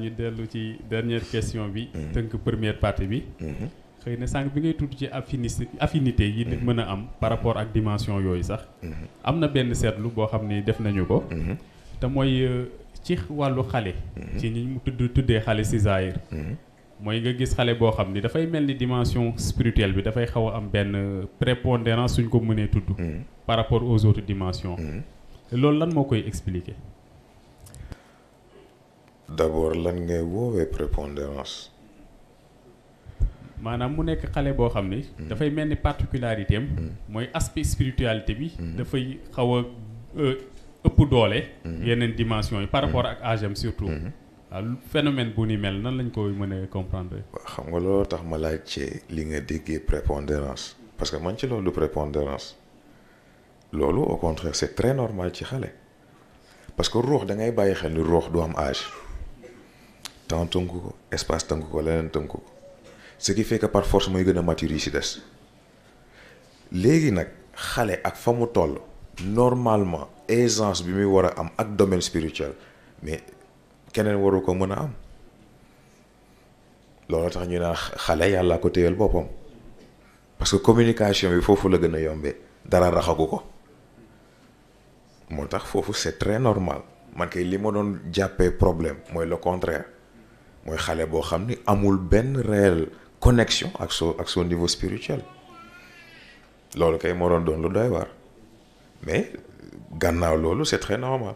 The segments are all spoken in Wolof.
ñu dellu ci dernière question bi. Mm-hmm. tënk première partie bi. Mm-hmm. xëy na sànq bi ngay tudd ci affinité affinité yi nit mën a am mm-hmm. par rapport ak dimension yooyu sax. am na benn seetlu boo xam ni def nañu ko. te mooy euh, ci wàllu xale. ci ñu mu tudd tuddee xale si zaahir. mooy nga gis xale boo xam ni dafay mel ni dimension spirituelle bi dafay xaw a am benn euh, prépondérance suñ ko mënee tudd. par rapport aux autres dimensions. loolu lan moo koy expliquer d'abord lan ngay woowee prépondérance. maanaam mu nekk xale boo xam ne. Hmm. dafay mel ni particularité am. Hmm. mooy aspect spiritualité bi. Hmm. dafay xaw a euh, ëpp doole. yeneen dimension yi par rapport ak âge am surtout. phénomène bu ni mel nan lañ koy mën a comprendre. xam nga looloo tax ma laaj ci li nga déggee prépondérance parce que man ci loolu prépondérance loolu au contraire c'est très normal ci xale parce que ruux da ngay bàyyi xel ni ruux du am âge temps tënku espace tënku ko leneen tënku ce qui fait que par force moy gëna a mature yi si des léegi ak famu toll normalement aisance bi muy wara am ak domaine spirituel mais kenen waru ko mën am loolu tax ñu na xalé yalla ko teyel bopom parce que communication bi fofu la gëna yombé dara raxagu ko moo tax c'est très normal man kay li ma doon jàppee problème mooy le contraire moy xalé bo xamni amul benn réelle connexion ak so ak son niveau spirituel lolu kay mo doon doon lu doy war mais gannaaw lolu c'est très normal.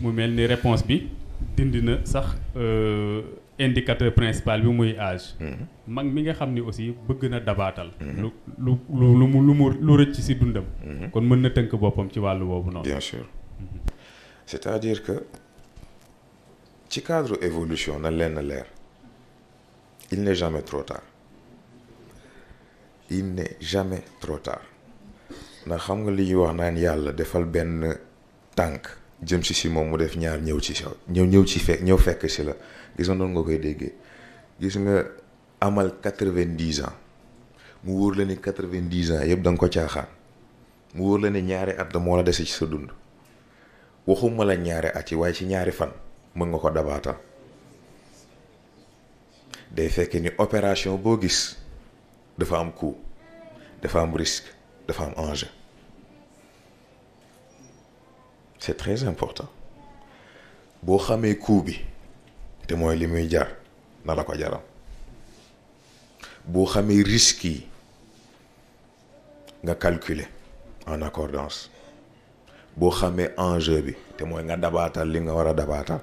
mu melni réponse bi dindina sax euh indicateur principal bi muy âge. Mm-hmm. mag mi nga xamni aussi bëgg na dabatal mm-hmm. lu lu lu lu mu lu rëcc ci dundam. Mm-hmm. kon mën na tënk boppam ci walu bobu non bien sûr c'est-à-dire que ci cadre évolution na lenn leer il n'est jamais trop tard il n'est jamais trop tard ndax xam nga li ñuy wax naan yàlla defal benn tànk jëm si si moom mu def ñaar ñëw ci sa ñëw ñëw ci fekk ñëw fekk si la gis nga noonu nga koy déggee gis nga amal quatre-vingt-dix ans mu wóor la ni quatre-vingt-dix ans Yeb da nga ko caaxaan mu wóor la ni ñaari at da moo la dese ci sa dund waxuma la ñaari at yi waaye ci ñaari fan mën nga ko dabaatal day fekk ni opération boo gis dafa am coût dafa am risque dafa am enjeu c'est très important boo xamee coût bi te mooy li muy jar na la ko jaram boo xamee risque yi nga calculer en accordance boo xamee enjeu bi te mooy nga dabaatal li nga war a dabaatal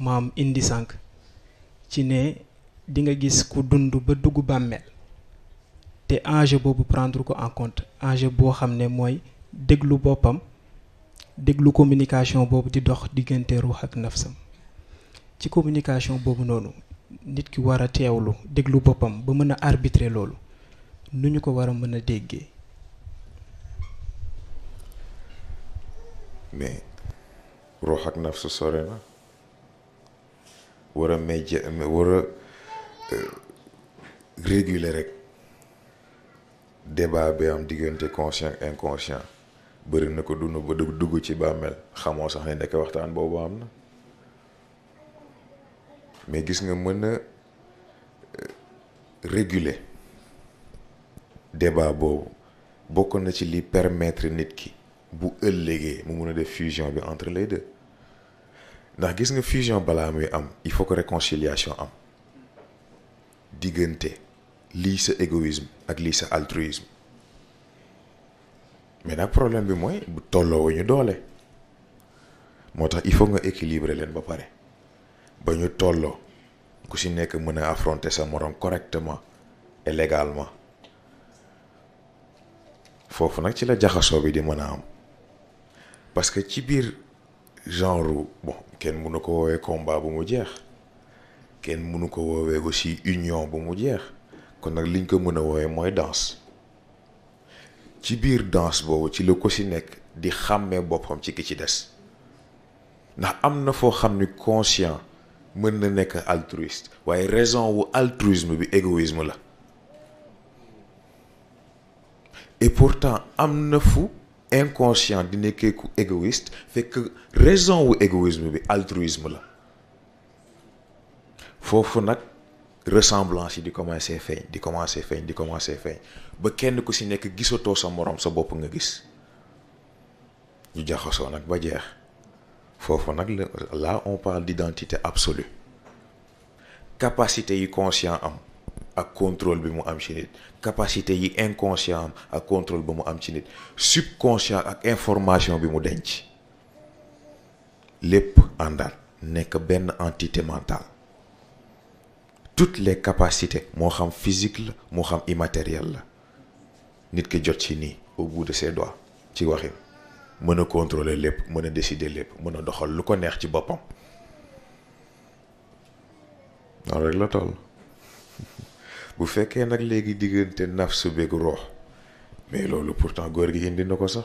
maam indi sànq ci ne di nga gis ku dund ba dugg bàmmeel te enjeu boobu prendre ko en compte enjeu boo xam ne mooy déglu boppam déglu communication boobu di dox diggante ruux ak nafsam ci communication boobu noonu nit ki war a teewlu déglu boppam ba mën a arbitrer loolu nu ñu ko war a mën a déggee. mais war média war a euh, réguler rek débat bi am diggante conscient inconscient bëri na ko dund ba dugg ci bàmmeel xamoo sax ne nekk waxtaan boobu am na mais gis nga mën a euh, réguler débat boobu bokk na ci li permettre nit ki bu ëllëgee mu mun a def fusion bi entre les deux ndax gis nga fusion balaa muy am il faut que réconciliation am diggante lii sa égoïsme ak lii sa altruisme mais nag problème bi mooy bu tolloo wu ñu doole moo tax il faut nga équilibrer leen ba pare ba ñu tolloo ku si nekk mën affronter sa morom correctement et légalement foofu nag ci la jaxasoo bi di mën am parce que ci biir genre bon ken mënu ko wowe combat bu mu jeex ken mënu ko wowe aussi union bu mu jeex kon nak liñ ko mën wowe moy danse ci bir danse bobu ci le ko si nek di xamé bopam ci ki ci dess ndax am fo foo conscient mën na altruiste waye raison wu altruisme bi égoïsme la et pourtant am na inconscient d'une égoïste fait que raison ou égoïsme bi altruisme la faire une ressemblance comment di commencer feeñ di commencer feeñ di commencer feeñ ba kenn ku ci nekk gisatoo sa moroom sa bopp nga ce ñu jaxasoo nag ba jeex Faut faire la là on parle d'identité absolue capacité inconsciente à contrôle bi mu am ci nit capacité yi inconscient à ak contrôle bi mu am ci nit subconscient ak information bi mu denc lépp andal nekk benn entité mentale toutes les capacités moo xam physique la moo xam immatériel la nit ki jot ci nii au bout de ses doigts ci waxin mën a contrôler lépp mën a décider lépp mën a doxal lu ko neex ci boppam loolu rek la toll bu fekkee nag léegi diggante su beeg roox mais loolu pourtant góor gi indi na ko sax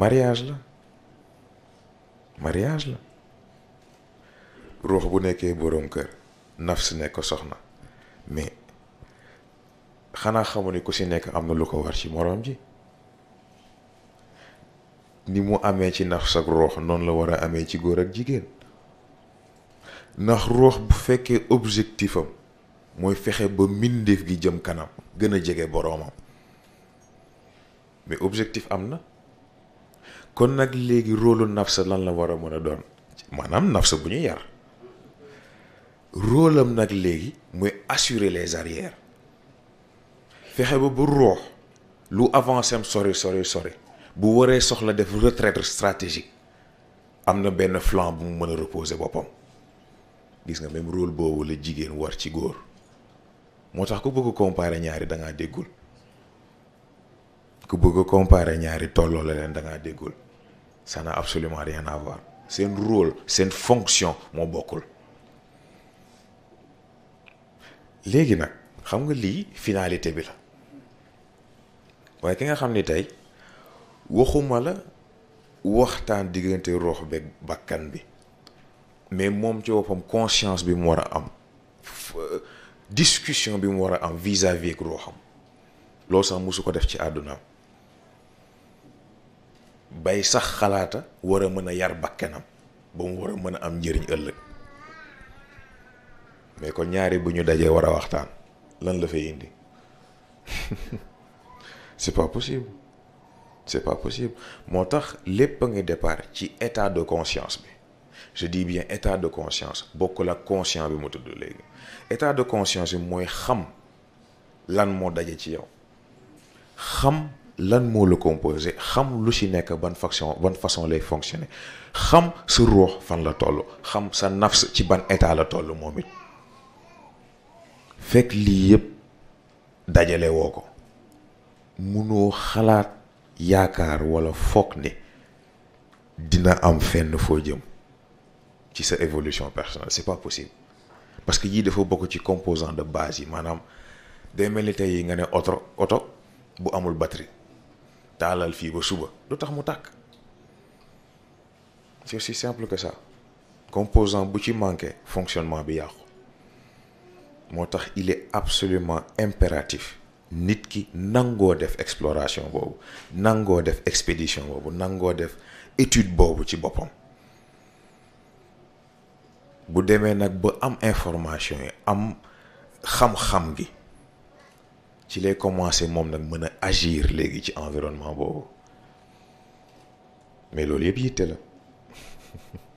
mariage la mariage la ruux bu nekkee boroom kër naf nafs nekk soxna mais xanaa xamu ni ku si nekk am na lu ko war ci moroom ji ni mu amee ci nafs ak ruux noonu la war a amee ci góor ak jigéen ndax ruux bu fekkee objectif am mooy fexe ba mbindeef gi jëm kanam gën a jege boroomam mais objectif am na kon nag léegi rôlu nafsa lan la war a mën a doon maanaam nafsa bu ñu yar rôlam nag léegi muy assurer les arrières fexe ba bu roox lu avancé am sori sori sori bu waree soxla def retraite stratégique am na benn flanc bu mu mën a reposer boppam gis nga même rôle boobu la jigéen war ci góor Je tax bëgg comparer ñaari da nga déggul ko bëgg comparer ñaari la leen da nga déggul ça n'a absolument rien à voir C'est un rôle c'est une fonction moo bokkul léegi nag xam nga lii finalité bi la waaye ki nga xam ni waxuma la waxtaan diggante bakkan bi mais ci conscience bi mu am discussion bi mu vis-à-vis ak lo sax def ci bay sax war yar bakkanam mu war mais ñaari la fay c'est pas possible c'est pas possible motax lepp départ ci état de conscience je dis bien état de conscience bokkul la conscience bi mo de leg, état de conscience je moy xam lan mo daje ci yow xam lan mo le composé xam lu ci nek ban fonction ban façon lay fonctionner xam sa roh fan la tollu xam sa nafs ci ban état la tollu momit fek li yeb dajalé woko woo xalaat yaakaar walla dina am fenn foo jëm ci sa évolution personnelle c'est pas possible parce que il dafa beaucoup ci composant de base yi maanaam day mel ni tey nga auto qui n'a bu amul batterie taalal fii ba suba lu tax c'est aussi simple que ça composant bu ci le fonctionnement bi yàqu motax il est absolument impératif nit ki nango def exploration bobu nango def expédition bobu nango def étude bobu ci bopom bu demee nag ba am information yi am xam-xam gi ci lay commencé moom nag mën a agir léegi ci environnement boobu mais loolu yëpp yitte la